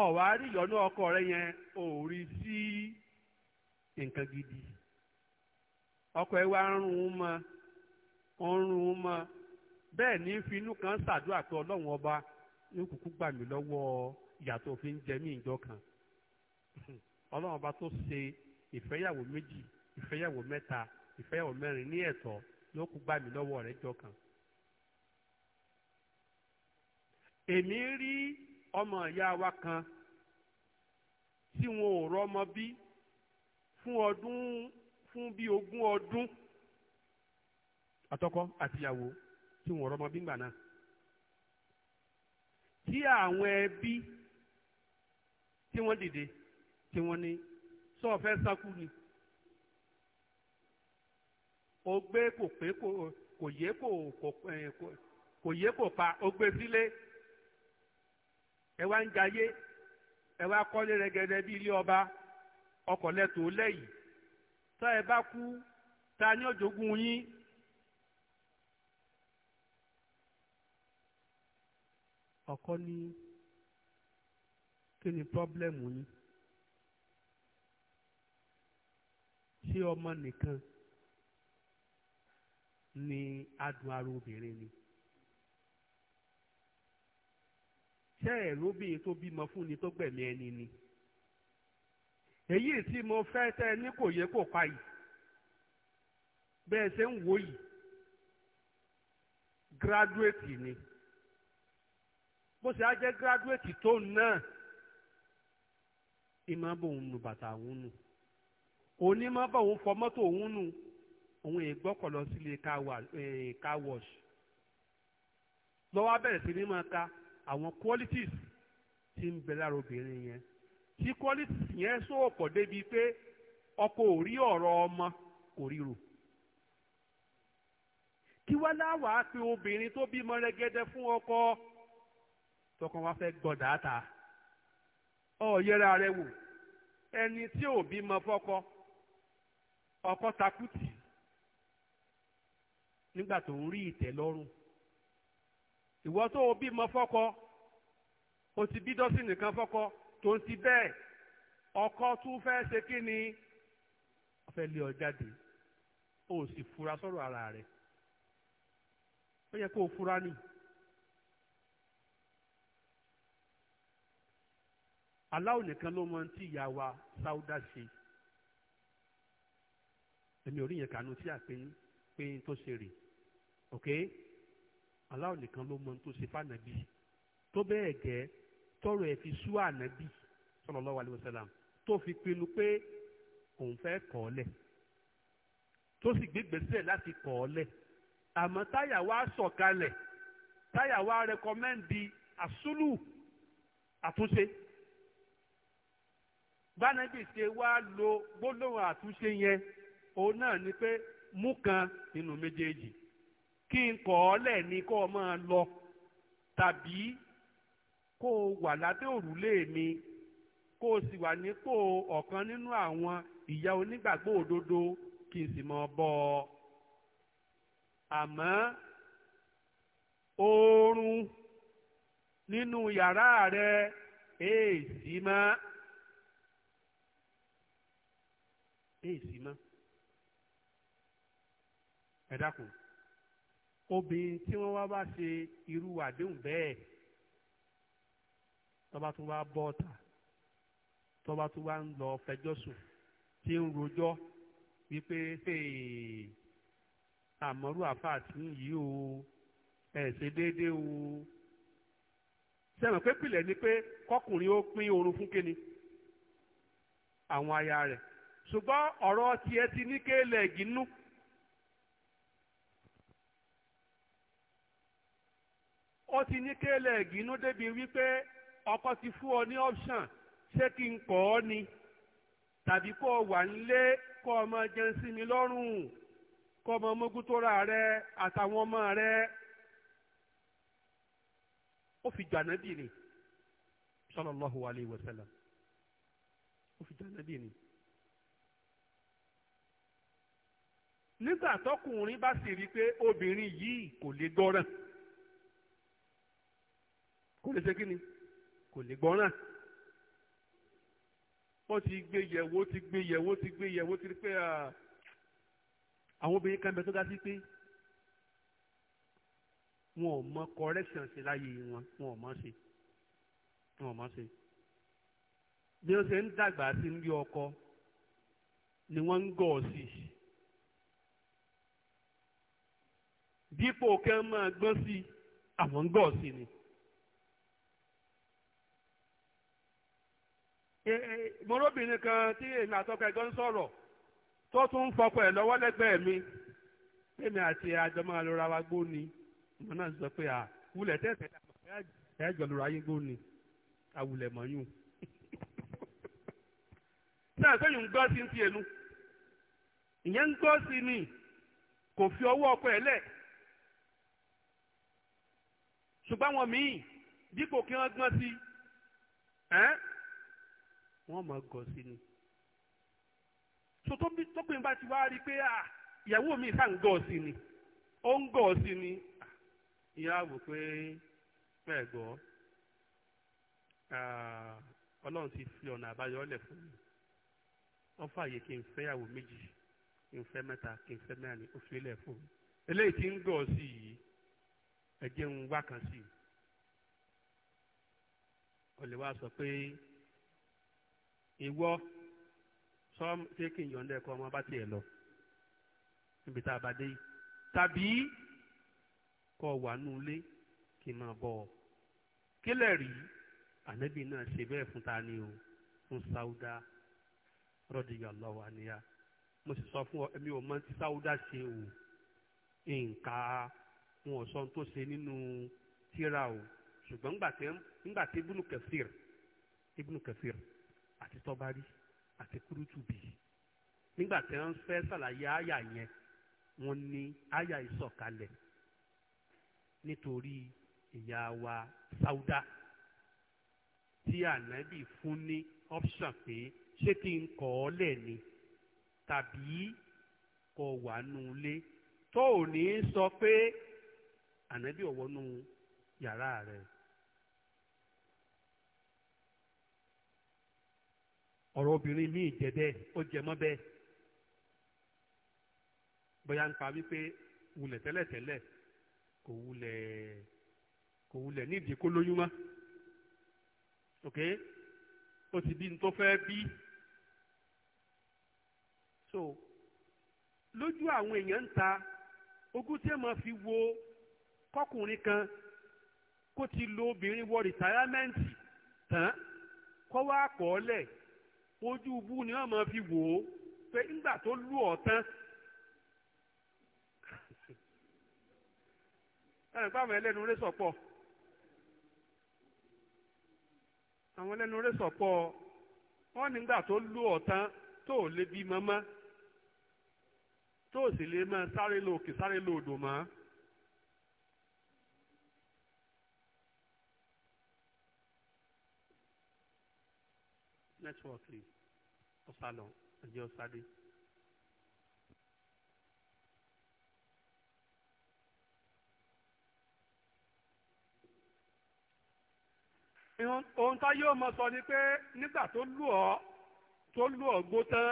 ọ̀wá rí ìyọnú ọkọ rẹ yẹn ò rí sí nǹkan gidi ọkọ ẹ wá ń rún un mọ ó ń rún un mọ́ bẹ́ẹ̀ ní finú kan ṣàdúrà pé ọlọ́run ọba ní kúkú gbà mí lọ́wọ́ ìyàtọ̀ òfin jẹ mí ìjọ kan ọlọ́run ọba tó ṣe ìfẹ́yàwó méjì ìfẹ́yàwó mẹ́ta ìfẹ́yàwó mẹ́rin ní ẹ̀tọ́ ló kú gbà mí lọ́wọ́ rẹ̀ jọ kan. èmi rí ọmọ ìyá wa kan tí wọn ò rọ́mọ bí fún ọdún fún bí ogún ọdún àtọkọ àtìyàwó tí wọn ò rọ́mọ bí ńgbà náà tí àwọn ẹbí tí wọ́n dìde tí wọ́n ní sọ́ọ̀fẹ́ sákú ni o gbé kò pé eh, kò yé kò pa o gbé sílé. Si ẹ wá ń jayé ẹ wá kọ́lé rẹ̀gẹ̀dẹ̀ bí ilé ọba ọkọ̀ lẹ́tọ̀ọ́ lẹ́yìn tá ẹ bá kú ta ni ó jogún yín. ọkọ ní kí ni pọ́blẹ́mù yín ṣé ọmọ nìkan ni adùn ara obìnrin ni. ṣé ẹ̀ lóbìnrin tó bímọ fún ni tó gbẹ̀mí ẹni ni èyí tí mo fẹ́ tẹ́ ní kò yẹ kó pa yìí bẹ́ẹ̀ ṣe ń wò yìí gírádùétì ni bó ṣe á jẹ́ gírádùétì tó náà ìmọ̀ bò ń nu bàtà òun nù onímọ̀ bò ń fọ mọ́tò òun nù òun ègbọ́kọ̀ lọ sílé car eh, wash lọ́wọ́ abẹ́rẹ́ sí ní máa ka. àwọn qualities tí ń bẹ lára obìnrin yẹn tí qualities yẹn sòpọ̀ débi pé ọkọ ò rí ọ̀rọ̀ ọmọ kò ríro kí wá láwàá pé obìnrin tó bímọ rẹgẹdẹ fún ọkọ tọkàn wá ọ yẹra rẹ wò ẹni tí ò bímọ ọkọ takùtì nígbà tó ń rí ìwọ tó o bímọ fọ́kọ o ti bí dọ́sìn nìkan fọ́kọ tó ń ti bẹ́ẹ̀ ọkọ tún fẹ́ ṣe kí ni ọfẹ́ lé ọ jáde o sì fura sọ̀rọ̀ ara rẹ̀ ó yẹ kó o fura ni. aláwọ̀ nìkan ló mọ tí ìyá wa sáúdà ṣe èmi ò rí yẹn kànú tí àpéyín péyín tó ṣe rè ok aláwọ̀ nìkan ló mọ ohun tó ṣe fànàbí tó bẹ́ẹ̀ gẹ́ tọrọ ẹ̀ fi sú ànábì sallallahu alaihi wasallam tó fi pinnu pé òun fẹ́ kọ̀ ọ́ lẹ̀ tó sì gbégbèsè láti kọ̀ ọ́ lẹ̀ àmọ́ táyà wá sọ̀kalẹ̀ táyà wá rẹkọmẹ́ndì àsúlù àtúnṣe gbanabi ṣe wá lo gbólóhùn àtúnṣe yẹn òun náà ni pé mú kan nínú méjèèjì kí n kọ̀ ọ́ lẹ̀ ni kó o máa lọ tàbí kó o wà lábẹ́ òrùlé mi kó o sì wà nípò ọ̀kan nínú àwọn ìyá onígbàgbọ́ òdodo kí n sì mọ bọ́ ọ. àmọ́ oorun nínú yàrá rẹ èèsì mọ́ èèsì mọ́ ẹ dákun. obìnrin tí wọ́n wá bá ṣe irú àdéhùn bẹ́ẹ̀ tọ́ba tún wá bọ́ ọ̀tà tọ́ba tún wá ń lọ fẹjọ́ sùn tí ń rojọ́ wípé àmọ́rú àfáà tí ń yí o ẹ̀ ṣe déédéé o sẹ́wọ̀n pé pìlẹ̀ ni pé kọkùnrin ó pín oorun fún kíni àwọn aya rẹ̀ ṣùgbọ́n ọ̀rọ̀ tiẹ̀ ti ní kéèlè gínú. ó ti ní kéèlè ìgbínú débi wípé ọkọ ti fún ọ ní option ṣé kí n kọ́ ọ ni tàbí kó o wà nílé kó o máa jẹun sí mi lọ́rùn kó o máa tó ra rẹ àtàwọn ọmọ rẹ ó fi jà nábì ni sallallahu alayhi wa sallam ó fi jà nábì ni. nígbà tọkùnrin bá sì rí i pé obìnrin yìí kò lè gbọ́ràn kò lè ṣe kí ni kò lè gbọ́ràn wọ́n ti gbé yẹ̀wò ti gbé yẹ̀wò ti gbé yẹ̀wò ti rí pé àwọn obìnrin kan bẹ tó ga sí pé wọn ò mọ correction ṣe láyé wọn wọn ò mọ ṣe wọn ò mọ ṣe bí wọ́n ṣe ń dàgbà sí ń bí ọkọ ni wọ́n ń gọ̀ ọ́ sí i dípò kẹ́ máa gbọ́n sí àwọn ń gọ̀ ọ́ sí ni. mọ́rọ́bìnrin kan tí èmi àtọ́kọ ẹ̀gọ́ ń sọ̀rọ̀ tó tún ń fọkọ ẹ̀ lọ́wọ́ lẹ́gbẹ̀ẹ́ mi èmi àti àjọmọ́ wa gbó ni ìmọ̀ náà sọ pé à wulẹ̀ tẹ́sẹ̀ ẹ̀jọ̀ yín gbó ni àwùlẹ̀ mọ́yún. náà sẹ́yìn ń gbọ́ sí ti ẹnu ìyẹn ń gbọ́ sí ni kò fi ọwọ́ ọkọ ẹ̀ lẹ̀ ṣùgbọ́n àwọn dípò kí wọ́n gbọ́n wọ́n mọ̀ gọ̀ sí ni. so tókùnrin bá ti wá rí i pé ìyàwó mi sá ń gọ̀ sí ni ó ń gọ̀ sí ni ìyá wò pé bẹ́ẹ̀ gọ́ ọlọ́run ti fi ọ̀nà àbáyọ ọ̀lẹ̀ fún mi wọ́n fààyè kí n fẹ́ ìyàwó méjì kí n fẹ́ mẹ́ta kí n fẹ́ mẹ́rin ó fi lẹ̀ fún mi eléyìí tí ń gọ̀ sí yìí ẹ̀jẹ̀ ń wá kan sí i ọ̀lẹ́ sọ pé. ìwọ sọ ṣé kí n yọ̀ǹda ẹ̀kọ́ ọmọ bá tiẹ̀ lọ níbi tá a bá dé yìí tàbí kọ́ wà nù ilé kí n máa bọ̀ ọ́ kílẹ̀ rí ànábì náà ṣe bẹ́ẹ̀ fún ta ni o fún Sáúdà radiyallahu anha mo sì sọ fún ọ èmi ò mọ tí Sáúdà ṣe o nǹka wọn ò sọ ohun tó ṣe nínú tírà o ṣùgbọ́n ńgbà tí ibùnú kẹfìr ibùnú kẹfìr àti tọ́bárí àti kúrútùbì nígbà tí wọ́n fẹ́ ṣàlàyé àyà yẹn wọ́n ní àyà ìsọ̀kalẹ̀ nítorí ìyá wa sáúdà tí ànábì fún ní option pé ṣé kí n kọ̀ ọ́ lẹ̀ ni tàbí kọ wà nù tó ò ní sọ pé ànábì ò yàrá rẹ̀ ọ̀rọ̀ obìnrin míì jẹ bẹ́ẹ̀ ó jẹ mọ́ bẹ́ẹ̀ bóyá ń pa wípé wulẹ̀ tẹ́lẹ̀tẹ́lẹ̀ kò wulẹ̀ kò wulẹ̀ nídìí kó lóyún mọ́ ok ó ti bí n tó fẹ́ bí so lójú àwọn èèyàn ń ta ogún tí ẹ máa fi wo kọkùnrin kan kó ti lo obìnrin wọ rìtáyámẹ́ǹtì tán kọ́ wá kọ́ ọ́ lẹ̀ ojú ubú ni wọ́n máa fi wò ó pé nígbà tó lù ọ́ tán ẹ̀rìn pàmò ẹlẹ́nu rẹ̀ sọ̀pọ̀ àwọn ẹlẹ́nu rẹ̀ sọ̀pọ̀ wọ́n nígbà tó lù ọ́ tán tó lè bí mọ́mọ́ tó sì lè máa sáré lòkè sáré lòdò mọ́. nẹ́tíwọ̀kì ọ̀sálọ̀ ẹ̀jẹ̀ ọ̀sádé. ohun tá yóò mọ sọ ni pé nígbà tó lù ọ́ tó lù ọ́ gbó tán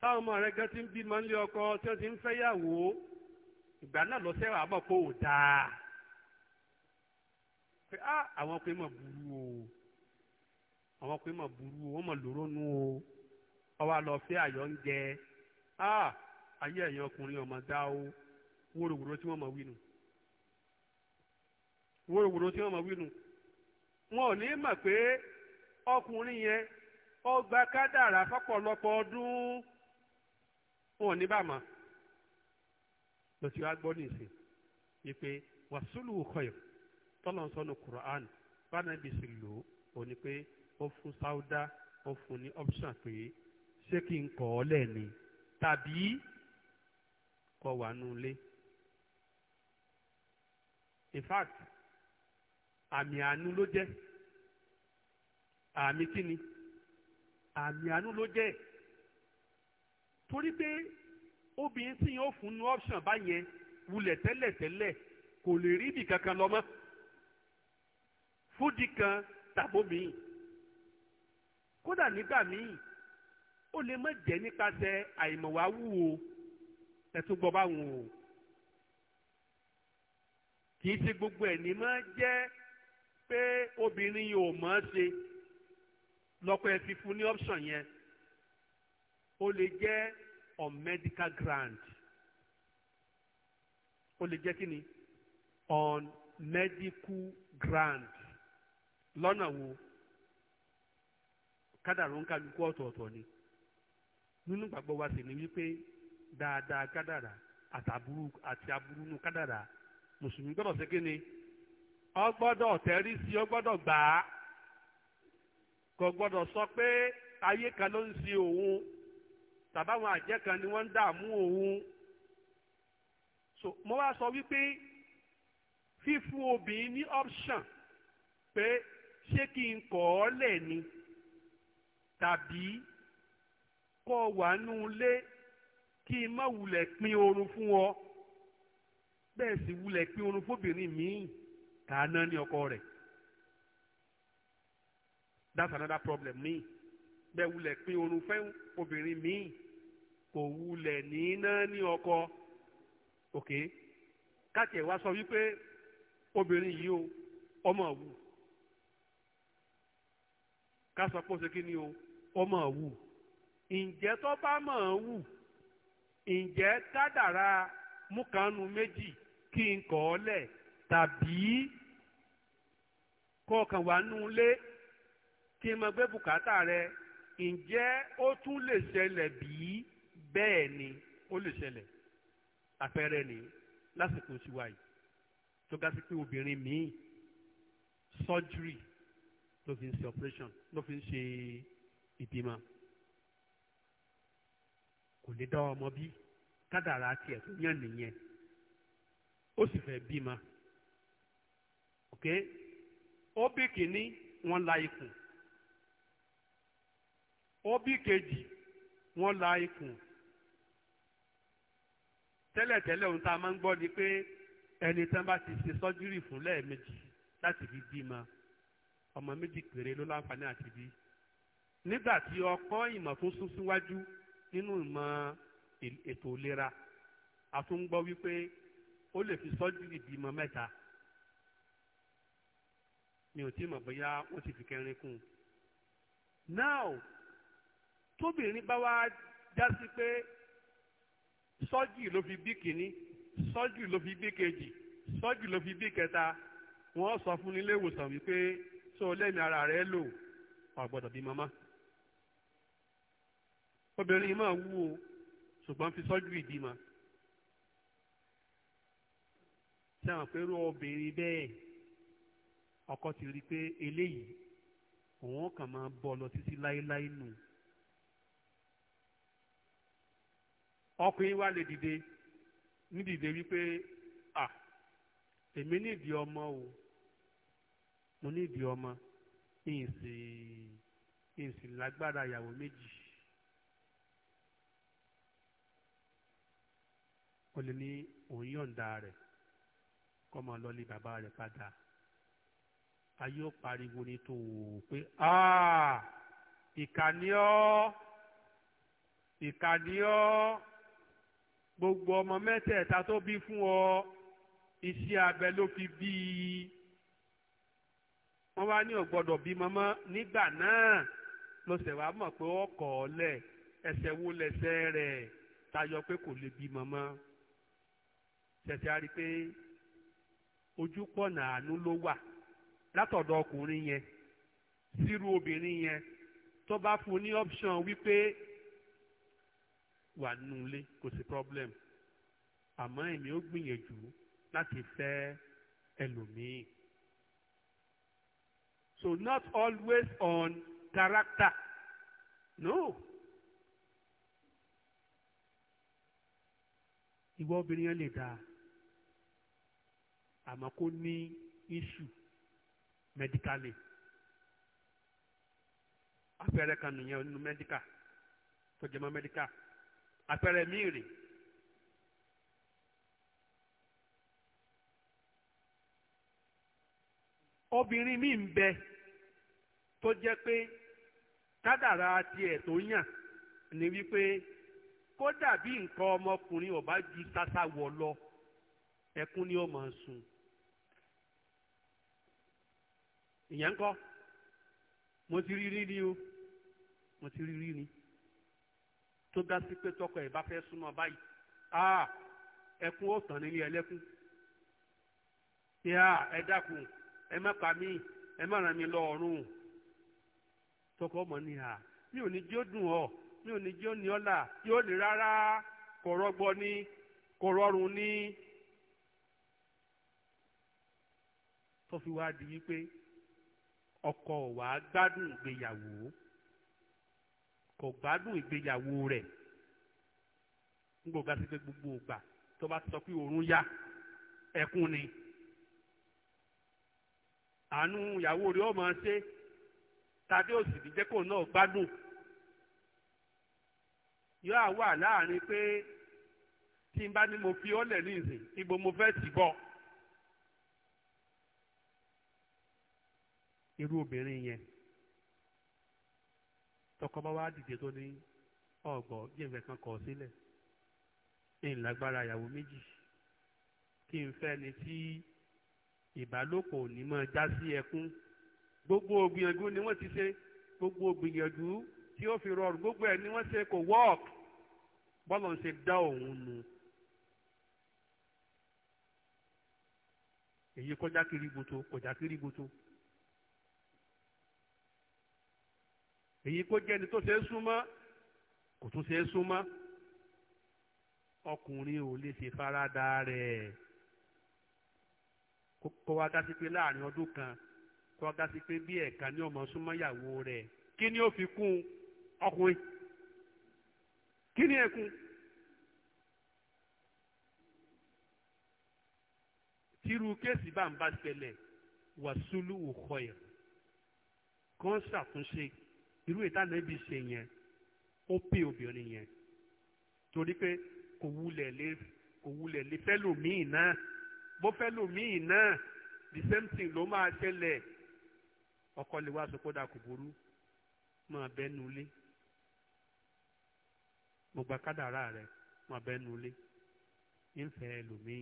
táwọn ọmọ rẹ gan ti ń bímọ ọkọ tí wọ́n ti ń fẹ́yàwó ìgbà náà lọ sẹ́wà àbọ̀ kó o dáa pé á ah, àwọn ọkùnrin mọ̀ burú o. àwọn ọkùnrin mọ̀ burú wọ́n ma lóró o ọwọ́ àlọ́ fẹ́ àyọ̀ ń jẹ ah, ayé ẹ̀yìn ọkùnrin ọmọ dá o wóróworó tí wọ́n mọ̀ wí nu wóróworó tí wọ́n mọ̀ wí wọn ò ní ma pé ọkùnrin yẹn ó gba kádàrá ọdún wọn ò ní bàmà lọ́tí wàá gbọ́ nìsín wípé wàsúlù kọyọ̀ tọ́lọ̀ ń sọnù Qur'an bá ó fún sáúdà ó fún ní option pé ṣé kí n kọ̀ ọ́ lẹ́ni tàbí kọ wà nù ilé in fact àmì àánú ló jẹ́ àmì kíni àmì àánú ló jẹ́ torí pé obìnrin tí yóò fún ní option báyẹn wulẹ̀ tẹ́lẹ̀tẹ́lẹ̀ kò lè rí ibì kankan lọ mọ́ fúdi kan tàbómi yìí kódà nígbà míì ó lè má jẹ́ nípasẹ̀ àìmọ̀wá wúwo ẹ̀tún gbọ́ báwọn o kì í ṣe gbogbo ẹ̀ ní má jẹ́ pé obìnrin yìí ò mọ̀ ṣe lọ́kọ̀ ẹ̀ fi fún ní option yẹn ó lè jẹ́ on medical grant. ó lè jẹ́ kí on medical grant. lọ́nà wo kádàrá ń kálukú ọ̀tọ̀ọ̀tọ̀ ni nínú ìgbàgbọ́ wa sì ni wípé dáadáa kádàrá àtàbúrú àti aburú nu kádàrá mùsùlùmí gbọ́dọ̀ ṣe kí ni ọ gbọ́dọ̀ tẹ́rí sí ọ gbọ́dọ̀ gbà á kò gbọ́dọ̀ sọ pé ayé kan ló ń ṣe òun tàbáwọn àjẹ́ kan ni wọ́n ń dààmú òun so mo wá sọ wípé fífún obìnrin ní option pé ṣé kí n kọ̀ ọ́ lẹ̀ tàbí kọ́ wà nù lé kí n má wulẹ̀ pín oorun fún ọ bẹ́ẹ̀ sì wulẹ̀ pín oorun fóbìnrin míì tààná ní ọkọ rẹ̀ that's another problem mi bẹ́ẹ̀ wulẹ̀ pín oorun fẹ́ obìnrin míì kò wulẹ̀ ní náà ní ọkọ ok káàkiri wa sọ wípé obìnrin yìí o ọmọ wù ká sọ pé ó ṣe kí ni o ó mọ̀ wù ǹjẹ́ tó bá mọ̀ ọ́ wù ǹjẹ́ kádàrá múkanu méjì kí n kọ́ ọ lẹ̀ tàbí kọ̀ọ̀kan wà nù lé kí n máa gbé bùkátà rẹ ǹjẹ́ ó tún lè ṣẹlẹ̀ bí bẹ́ẹ̀ ni ó lè ṣẹlẹ̀ àpẹẹrẹ ni lásìkò tiwa yìí tó ga sí pé obìnrin míì surgery ló fi ń ṣe operation ló fi ń ṣe. Se ìbímọ kò lè dá ọmọ bí kádàrá tiẹ̀ tó yàn nìyẹn ó sì fẹ́ bímọ ok ó bí kìíní wọ́n la ikùn ó bí kejì wọ́n la ikùn tẹ́lẹ̀tẹ́lẹ̀ ohun tá a máa ń gbọ́ ni pé ẹni tán bá ti ṣe sọ́júrì fún lẹ́ẹ̀mejì láti fi bímọ ọmọ méjì péré ló láǹfààní àti bí nígbà tí ọkọ́ ìmọ̀ tó sún síwájú nínú ìmọ̀ ètò ìlera a tún gbọ́ wípé ó lè fi sọ́júrì bímọ mẹ́ta mi ò tí mọ̀ bóyá wọ́n ti fi kẹrin kún un. now tóbìnrin bá wá já sí pé sọ́jì ló fi bí kìíní sọ́jì ló fi bí kejì sọ́jì ló fi bí kẹta wọ́n sọ fún nílé ìwòsàn wípé sọ lẹ́mìí ara rẹ lò ọ̀gbọ́dọ̀ bí mọ́mọ́ obìnrin máa wú o ṣùgbọ́n fi sọ́jú ìdí ma ṣé àwọn pẹ̀lú obìnrin bẹ́ẹ̀ ọkọ ti rí i pé eléyìí òun kàn máa bọ̀ lọ títí láéláé nù ọkùnrin wa lè dìde ní dìde wípé à èmi nídìí ọmọ o mo nídìí ọmọ ìyìnsì ìyìnsì lágbára ìyàwó méjì ó lè ní òun yọ̀ǹda rẹ̀ kọ́ máa lọ lé bàbá rẹ̀ padà ayé ó pariwo ni tó o pé ìkànnì ọ́ ìkànnì ọ́ gbogbo ọmọ mẹ́tẹ̀ẹ̀ta tó bí fún ọ iṣẹ́ abẹ ló fi bí i wọ́n wá ní ọ̀gbọ́dọ̀ bí mọ́mọ́ nígbà náà ló ṣẹ̀wá mọ̀ pé ọkọ̀ ọ̀lẹ̀ ẹsẹ̀ wo lẹsẹ̀ rẹ̀ tayọ pé kò lè bí mọ́mọ́ ṣẹ̀ṣẹ̀ á pé ojú pọ̀nà ló wà látọ̀dọ̀ ọkùnrin yẹn sírú obìnrin yẹn tó bá fún ní option wípé wà nulẹ̀ kò sí problem àmọ́ èmi ó gbìyànjú láti fẹ́ ẹlòmíì. So not always on character. No. Ìwọ obìnrin yẹn lè dáa àmọ́ kó ní iṣu mẹdíkálì àpẹẹrẹ kan nìyẹn nínú mẹdíkà tó jẹ mọ́ mẹdíkà àpẹẹrẹ míì rèé. obìnrin mi ń bẹ tó jẹ́ pé kádàrá tiẹ̀ tó yàn ni wípé kódà bí nǹkan ọmọkùnrin ò ju sásá wọ̀ lọ ẹkún ni ó máa sùn. ìyẹn ńkọ́ mo ti ni o mo ti rí ni tó dá sí pé tọkọ ẹ bá fẹ́ súnmọ́ báyìí a ẹkún ó tàn nílé ẹlẹ́kún yá ẹ dákun ẹ má pa mí ẹ má ràn mí lọ ọ̀run tọkọ ọmọ ni a mi ò ní jí ó dùn ọ mi ò ní jí ó ní ọlà ní rárá kò rọgbọ kò rọrùn tó fi wá di wípé ọkọ wa gbádùn ìgbéyàwó kò gbádùn ìgbéyàwó rẹ̀ ngbọ̀gá sí pé gbogbo ògbà tó bá sọ pé òórùn yá ẹkún ni àánú ìyàwó rẹ̀ ọ̀ máa ṣe tàbí òsì ní jẹ́ kó náà gbádùn yóò wà láàrin pé tí n bá ní mo fi ọ́ lẹ̀ ní ìsìn ibo mo fẹ́ tì bọ́. irú obìnrin yẹn tọkọ bá wá dìde tó ní ọgbọ jíǹfẹ kan kọ sílẹ̀ ní ìlágbára ìyàwó méjì kí n fẹ́ ni tí ìbálòpọ̀ ní máa já sí ẹkún gbogbo ògbìyànjú ni wọ́n ti ṣe gbogbo ògbìyànjú tí ó fi rọrùn gbogbo ẹ̀ ni wọ́n ṣe kò wọ́ọ̀k bọ́lọ̀ ń ṣe dá òun nu. èyí kọjá kiri buto kọjá kiri buto. èyí kó jẹ́ ẹni tó ṣe é súnmọ́ kò tún ṣe é súnmọ́ ọkùnrin ò lè ṣe farada rẹ̀ kó wá dá sí pé láàrin ọdún kan kó wá dá sí pé bí ẹ̀ka ní ọmọ súnmọ́ ìyàwó rẹ̀ kí ni ó fi kún ọkùnrin kí ni ẹ̀kún tírú kéèsì bá ń bá ṣẹlẹ̀ wàsúlù òkọ̀ ẹ̀ kọ́ńsà tún ṣe irú ìtànẹ́bí ṣe yẹn ó pè obìnrin yẹn torí pé kò wulẹ̀ lé kò wulẹ̀ lé fẹ́lòmíì náà bó fẹ́lòmíì náà the same thing ló máa ṣẹlẹ̀ ọkọ lè wá sọ pé dà kò burú máa bẹ́ nu ilé mo gba kádàrá rẹ máa bẹ́ ilé ń lòmíì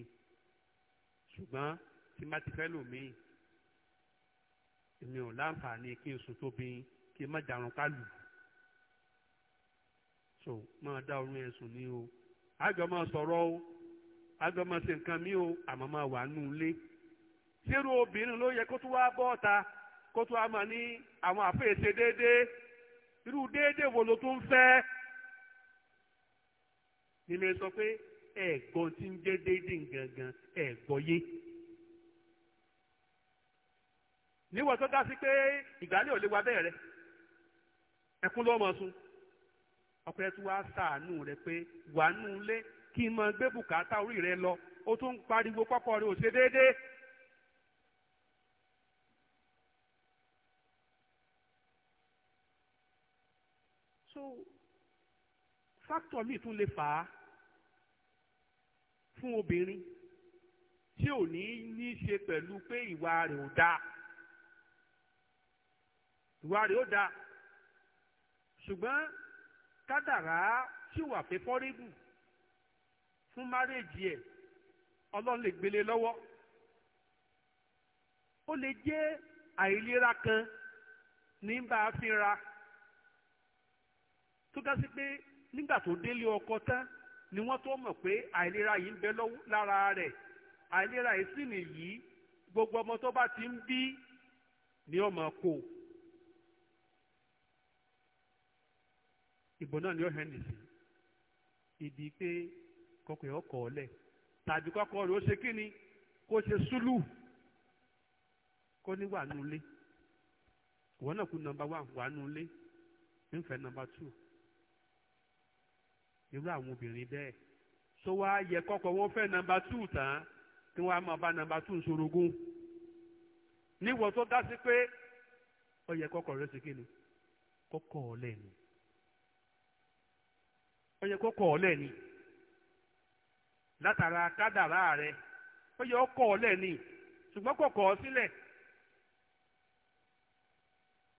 ṣùgbọ́n tí má ti fẹ́ lòmíì èmi ò láǹfààní kí n sùn tó yín kí n má dàrún ká lù so máa dá orun yẹn sùn ní o àjọ máa sọ̀rọ̀ o àjọ máa ṣe nǹkan mí o àmọ́ máa wà nù lé ṣérú obìnrin ló yẹ kó tún wá bọ́ ọ̀ta kó tún wá máa ní àwọn àfẹ́yẹsẹ déédéé irú déédéé wo ló tún fẹ́ nílé sọ pé ẹ̀gbọ́n ti ń jẹ́ déédéé gangan ẹ̀gbọ́n yé. níwọ̀n tó dá sí pé ìgbàlẹ̀ ò lè wá bẹ́ẹ̀ rẹ̀ ẹkún lọ́mọ sun ọkọ ẹ tún wá sàánú rẹ pé wàánú lé kí n máa gbé bùkátà orí rẹ lọ ó tún ń pariwo kọkọ rẹ ò ṣe déédéé. so fáktọ̀ míì tún lè fà á fún obìnrin tí ò ní ní ṣe pẹ̀lú pé ìwà rẹ̀ ò dáa ìwà rẹ̀ ò dáa ṣùgbọ́n kádàrá sì wà fẹ́fọ́rébù fún márèèjì ẹ̀ ọlọ́run lè gbélé lọ́wọ́ ó lè jẹ́ àìlera kan ní bá a tó dá sí pé nígbà tó délé ọkọ tán ni wọ́n tó mọ̀ pé àìlera yìí ń bẹ lára rẹ̀ àìlera yìí sì nìyí gbogbo ọmọ tó bá ti ń bí ni ọmọ kò. ìbò náà ni ó hẹ́ndì sí ìdí pé kọkùn yẹn kọ̀ ọ́lẹ̀ tàbí kọ́kọ́ rẹ̀ ó ṣe kí ni kó ṣe súlù kó ní wà nù lé ìwọ náà kú nọ́mbà wà wà nù lé nífẹ̀ẹ́ nọ́mbà tù irú àwọn obìnrin bẹ́ẹ̀ tó wá yẹ kọ́kọ́ wọn fẹ́ nọ́mbà tù tán kí wọ́n á máa bá nọ́mbà tù sorogún níwọ̀n tó dá sí pé ó yẹ kọ́kọ́ rẹ̀ ṣe kí ni kọ́kọ́ ọ̀lẹ́ ni ó yẹ kó kọ̀ ọ́ lẹ́ni látara kádàrá rẹ ó yẹ ó kọ̀ ọ́ lẹ́ni ṣùgbọ́n kò kọ̀ ọ́ sílẹ̀.